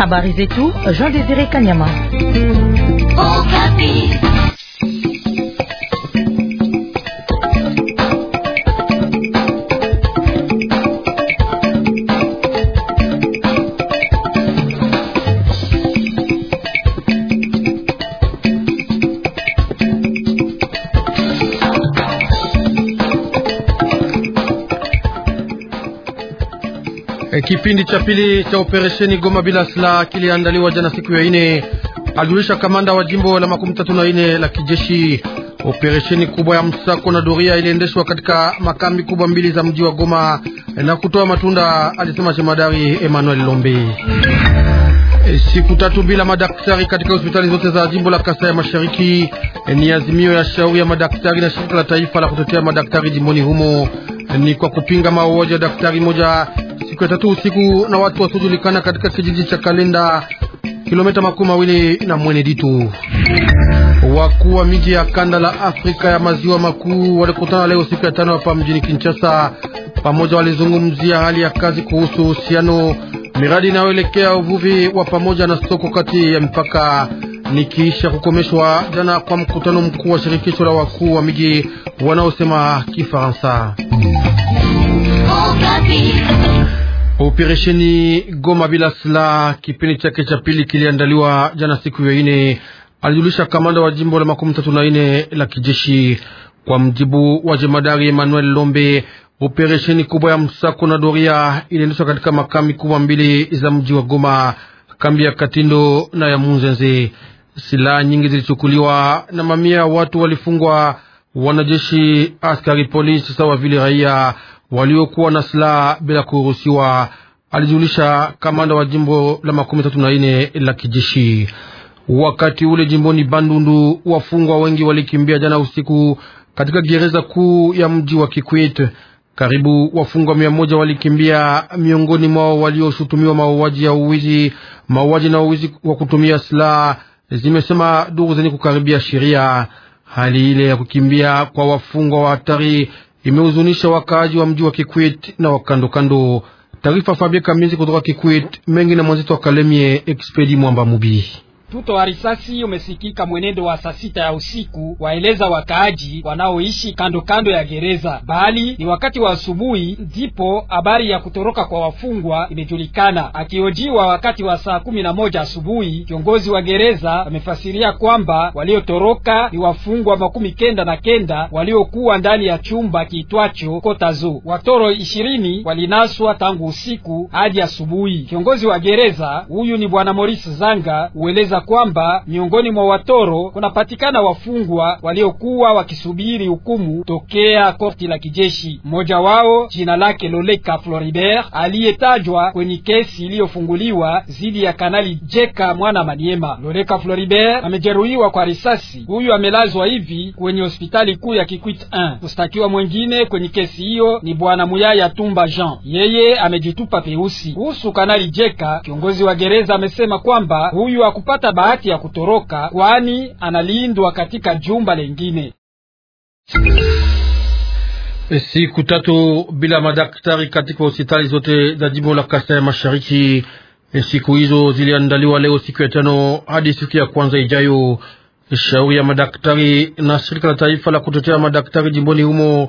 Habari zetu Jean Desire Kanyama. Eh, kipindi cha pili cha operesheni Goma bila silaha kiliandaliwa jana siku ya ine, alijulisha kamanda wa jimbo la makumi tatu na ine la kijeshi. Operesheni kubwa ya msako na doria iliendeshwa katika makambi kubwa mbili za mji wa Goma na kutoa matunda, alisema shemadari Emmanuel Lombe. Eh, siku tatu bila madaktari katika hospitali zote za jimbo la Kasai ya Mashariki eh, ni azimio ya shauri ya madaktari na shirika la taifa la kutetea madaktari jimboni humo, ni kwa kupinga mauaji ya daktari moja siku ya tatu usiku na watu wasiojulikana katika kijiji cha Kalenda, kilomita makumi mawili na Mweneditu. Wakuu wa miji ya kanda la Afrika ya maziwa makuu walikutana leo siku ya tano hapa mjini Kinshasa. Pamoja walizungumzia hali ya kazi kuhusu uhusiano, miradi inayoelekea uvuvi wa pamoja na soko kati ya mipaka nikiisha kukomeshwa jana kwa mkutano mkuu wa shirikisho la wakuu wa miji wanaosema Kifaransa. Oh, Operesheni Goma bila silaha kipindi chake cha pili kiliandaliwa jana siku ya ine, alijulisha kamanda wa jimbo la makumi tatu na ine la kijeshi. Kwa mjibu wa jemadari Emmanuel Lombe, operesheni kubwa ya msako na doria iliendeshwa katika makambi kubwa mbili za mji wa Goma, kambi ya Katindo na ya Munzenze. Silaha nyingi zilichukuliwa na mamia ya watu walifungwa, wanajeshi, askari polisi sawa vile raia waliokuwa na silaha bila kuruhusiwa, alijulisha kamanda wa jimbo la makumi tatu na nne la kijeshi. Wakati ule jimboni Bandundu, wafungwa wengi walikimbia jana usiku katika gereza kuu ya mji wa Kikwit. Karibu wafungwa mia moja walikimbia, miongoni mwao walioshutumiwa mauaji ya uwizi, mauaji na uwizi wa kutumia silaha, zimesema duru zenye kukaribia sheria. Hali ile ya kukimbia kwa wafungwa wa hatari imehuzunisha wakaaji wa mji wa Kikwit na wakandokando. Taarifa Fabie Kamizi kutoka Kikwit mengi na mwenzetu wa Kalemie Expedi Mwamba Mubi. Mtuto wa risasi umesikika mwenendo wa saa sita ya usiku, waeleza wakaaji wanaoishi kando kando ya gereza, bali ni wakati wa asubuhi ndipo habari ya kutoroka kwa wafungwa imejulikana. Akiojiwa wakati wa saa kumi na moja asubuhi, kiongozi wa gereza amefasiria kwamba waliotoroka ni wafungwa makumi kenda na kenda waliokuwa ndani ya chumba kiitwacho Kotazo. Watoro ishirini walinaswa tangu usiku hadi asubuhi. Kiongozi wa gereza huyu ni bwana Maurice Zanga ueleza kwamba miongoni mwa watoro kunapatikana wafungwa waliokuwa wakisubiri hukumu tokea korti la kijeshi. Mmoja wao jina lake Loleka Floribert aliyetajwa kwenye kesi iliyofunguliwa dhidi ya Kanali Jeka Mwana Maniema. Loleka Floribert amejeruhiwa kwa risasi, huyu amelazwa hivi kwenye hospitali kuu ya Kikwit 1. Mstakiwa mwengine kwenye kesi hiyo ni bwana Muyaya Tumba Jean, yeye amejitupa peusi. Kuhusu Kanali Jeka, kiongozi wa gereza amesema kwamba huyu hakupata bahati ya kutoroka, kwani analindwa katika jumba lengine. E, siku tatu bila madaktari katika hospitali zote za jimbo la Kasai Mashariki. E, siku hizo ziliandaliwa leo siku ya tano hadi siku ya kwanza ijayo. E, shauri ya madaktari na shirika la taifa la kutetea madaktari jimboni humo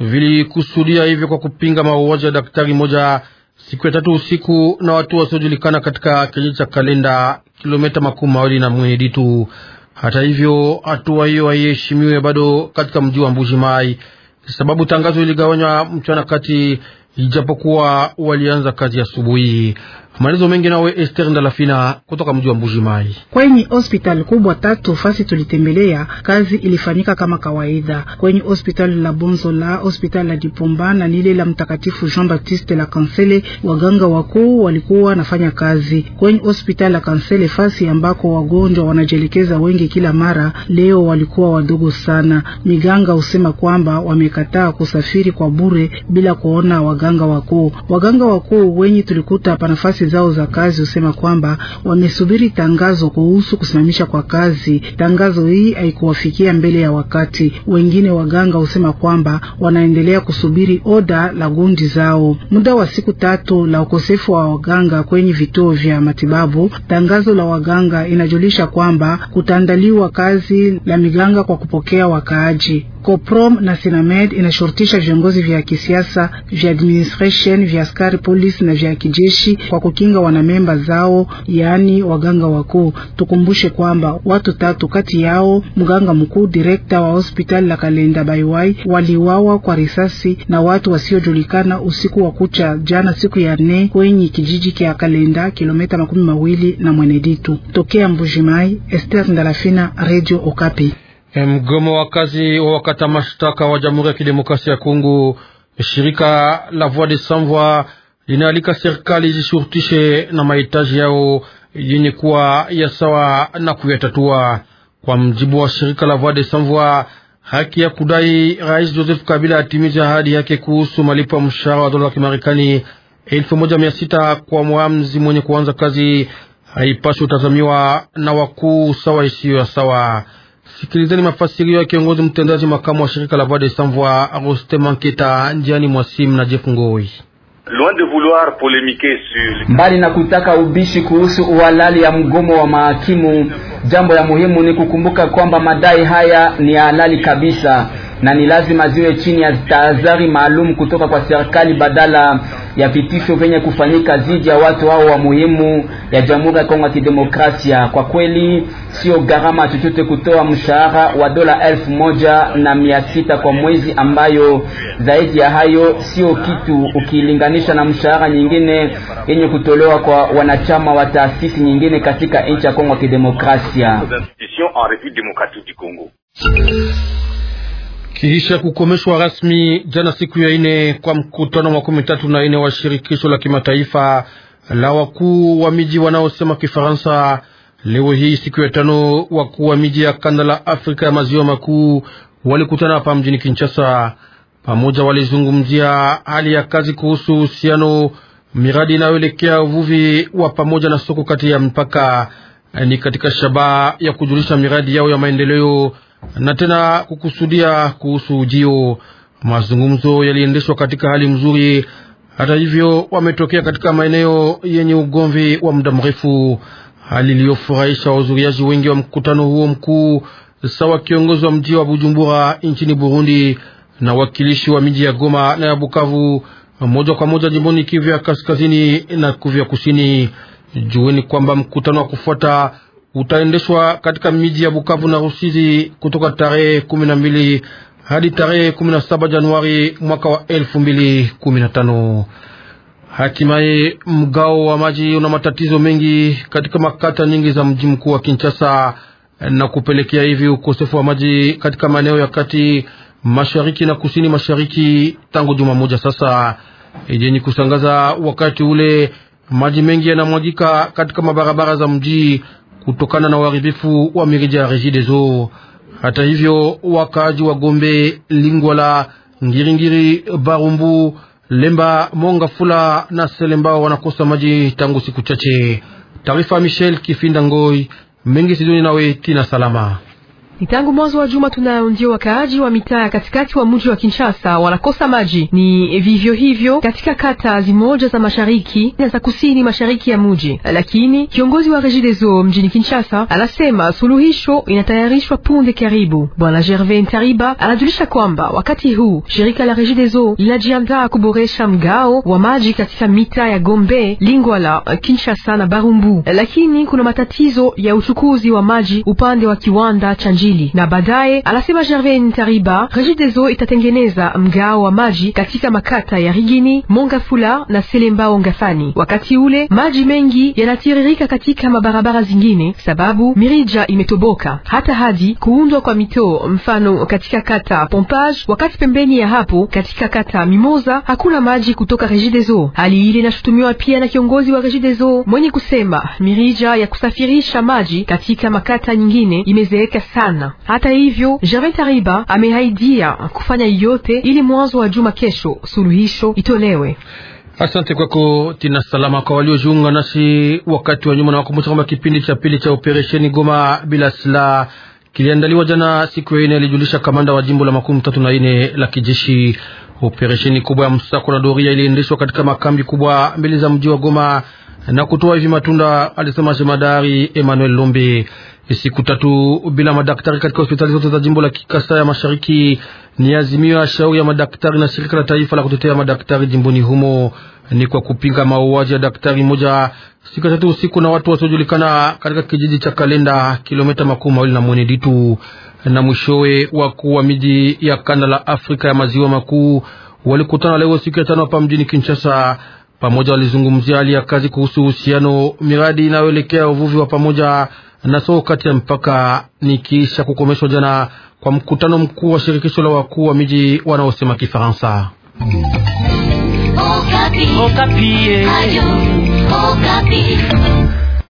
vilikusudia hivyo kwa kupinga mauaji ya daktari moja siku ya tatu usiku na watu wasiojulikana katika kijiji cha Kalenda kilomita makumi mawili na mwini Ditu. Hata hivyo hatua hiyo haiheshimiwe bado katika mji wa Mbuji Mai, sababu tangazo iligawanywa mchana kati, ijapokuwa walianza kazi asubuhi. Maelezo mengi nawe Esther Ndalafina kutoka mji wa Mbuji Mai. Kwenye hospital kubwa tatu fasi tulitembelea, kazi ilifanyika kama kawaida. Kwenye hospital la Bonzola, hospital la Dipomba na lile la Mtakatifu Jean Baptiste la Kansele, waganga wakuu walikuwa nafanya kazi. Kwenye hospital la Kansele fasi ambako wagonjwa wanajielekeza wengi kila mara, leo walikuwa wadogo sana. Miganga husema kwamba wamekataa kusafiri kwa bure bila kuona waganga wakuu. Waganga wakuu wenye tulikuta hapa nafasi ofisi zao za kazi husema kwamba wamesubiri tangazo kuhusu kusimamisha kwa kazi. Tangazo hii haikuwafikia mbele ya wakati. Wengine waganga husema kwamba wanaendelea kusubiri oda la gundi zao. Muda wa siku tatu la ukosefu wa waganga kwenye vituo vya matibabu, tangazo la waganga inajulisha kwamba kutaandaliwa kazi la miganga kwa kupokea wakaaji. Coprom na Sinamed inashurutisha viongozi vya kisiasa vya administration vya askari polisi na vya kijeshi kwa kukinga wanamemba zao, yaani waganga wakuu. Tukumbushe kwamba watu tatu kati yao mganga mkuu direkta wa hospitali la Kalenda Baiwai waliwawa kwa risasi na watu wasiojulikana usiku wa kucha jana, siku ya nne kwenye kijiji kya Kalenda, kilomita makumi mawili na Mweneditu tokea Mbujimai. Esther Ndalafina, Radio Okapi. E, mgomo wa kazi wa wakata mashtaka wa Jamhuri ya Kidemokrasia ya Kongo, e, shirika la Voix des Sans Voix linaalika serikali zishurutishe na mahitaji yao yenye kuwa ya sawa na kuyatatua. Kwa mjibu wa shirika la Voix des Sans Voix, haki ya kudai Rais Joseph Kabila atimize ahadi yake kuhusu malipo ya mshahara wa dola za Kimarekani elfu moja mia sita kwa mwamzi mwenye kuanza kazi haipashi utazamiwa na wakuu sawa isiyo ya sawa. Sikilizeni mafasirio ya kiongozi mtendaji makamu wa shirika la Voix des Sans Voix Roste Manketa njiani mwasimu na Jeff Ngoi. Mbali na kutaka ubishi kuhusu uhalali ya mgomo wa mahakimu Jambo ya muhimu ni kukumbuka kwamba madai haya ni halali kabisa na ni lazima ziwe chini ya tahadhari maalum kutoka kwa serikali badala ya vitisho vyenye kufanyika dhidi ya watu hao wa muhimu ya Jamhuri ya Kongo ya Kidemokrasia. Kwa kweli sio gharama chochote kutoa mshahara wa dola elfu moja na mia sita kwa mwezi, ambayo zaidi ya hayo sio kitu ukilinganisha na mshahara nyingine yenye kutolewa kwa wanachama wa taasisi nyingine katika nchi ya Kongo ya Kidemokrasia demokrasia kiisha kukomeshwa rasmi jana siku ya ine kwa mkutano wa makumi tatu na ine wa shirikisho la kimataifa la wakuu wa miji wanaosema Kifaransa. Leo hii siku ya tano, wakuu wa miji ya kanda la Afrika ya maziwa makuu walikutana hapa mjini Kinshasa. Pamoja walizungumzia hali ya kazi kuhusu uhusiano, miradi inayoelekea uvuvi wa pamoja na soko kati ya mpaka Eh, ni katika shabaha ya kujulisha miradi yao ya maendeleo na tena kukusudia kuhusu ujio. Mazungumzo yaliendeshwa katika hali mzuri. Hata hivyo, wametokea katika maeneo yenye ugomvi wa muda mrefu, hali iliyofurahisha wahudhuriaji wengi wa mkutano huo mkuu, sawa kiongozi wa mji wa Bujumbura nchini Burundi na wakilishi wa miji ya Goma na ya Bukavu, moja kwa moja jimboni Kivu ya kaskazini na Kivu ya kusini. Jueni kwamba mkutano wa kufuata utaendeshwa katika miji ya Bukavu na Rusizi kutoka tarehe kumi na mbili hadi tarehe kumi na saba Januari mwaka wa elfu mbili kumi na tano. Hatimaye, mgao wa maji una matatizo mengi katika makata nyingi za mji mkuu wa Kinshasa na kupelekea hivi ukosefu wa maji katika maeneo ya kati mashariki na kusini mashariki tangu juma moja sasa. Yenye kusangaza wakati ule maji mengi yanamwagika katika mabarabara za mji kutokana na uharibifu wa mirija ya Regideso. Hata hivyo, wakaaji wa Gombe, Lingwala, Ngiringiri, Barumbu, Lemba, Mongafula na Selembao wanakosa maji tangu siku chache. Taarifa Michel Kifinda Ngoi mengi sizoni nawe tina salama ni tangu mwanzo wa juma tunayo ndio wakaaji wa mitaa ya katikati wa mji wa Kinshasa wanakosa maji. Ni vivyo hivyo katika kata zimoja za mashariki na za kusini mashariki ya mji, lakini kiongozi wa Regideso mjini Kinshasa anasema suluhisho inatayarishwa punde karibu. Bwana gervain tariba anajulisha kwamba wakati huu shirika la Regideso linajiandaa kuboresha mgao wa maji katika mitaa ya Gombe, Lingwala, Kinshasa na Barumbu, lakini kuna matatizo ya uchukuzi wa maji upande wa kiwanda cha ajili na baadaye, anasema Gervais Ntariba, Regideso itatengeneza mgao wa maji katika makata ya Rigini, Mongafula na Selemba Ongafani. Wakati ule maji mengi yanatiririka katika mabarabara zingine, sababu mirija imetoboka, hata hadi kuundwa kwa mitoo, mfano katika kata Pompage. Wakati pembeni ya hapo katika kata Mimoza hakuna maji kutoka Regideso. Hali ile inashutumiwa pia na kiongozi wa Regideso mwenye kusema mirija ya kusafirisha maji katika makata nyingine imezeeka sana sana. Hata hivyo, Gervais Ariba ameahidia kufanya yote ili mwanzo wa juma kesho suluhisho itolewe. Asante kwako Tina Salama. Kwa waliojiunga nasi wakati wa nyuma, na wakumbusha kwamba kipindi cha pili cha operesheni Goma bila silaha kiliandaliwa jana siku ya ine, alijulisha kamanda wa jimbo la makumi tatu na ine la kijeshi. Operesheni kubwa ya msako na doria iliendeshwa katika makambi kubwa mbili za mji wa Goma na kutoa hivi matunda, alisema jemadari Emmanuel Lombe siku tatu bila madaktari katika hospitali zote za jimbo la Kikasa ya Mashariki ni azimio ya shauri ya madaktari na shirika la taifa la kutetea madaktari jimboni humo. Ni kwa kupinga mauaji ya daktari mmoja siku tatu usiku na watu wasiojulikana katika kijiji cha Kalenda, kilomita makumi mawili na mwene Na mwishowe, wakuu wa miji ya kanda la Afrika ya maziwa makuu walikutana leo siku ya tano hapa mjini Kinshasa. Pamoja walizungumzia hali ya kazi kuhusu uhusiano, miradi inayoelekea uvuvi wa pamoja na so kati ya mpaka, nikiisha kukomeshwa jana kwa mkutano mkuu wa shirikisho la wakuu wa miji wanaosema Kifaransa. Okapi. Okapi. Eh.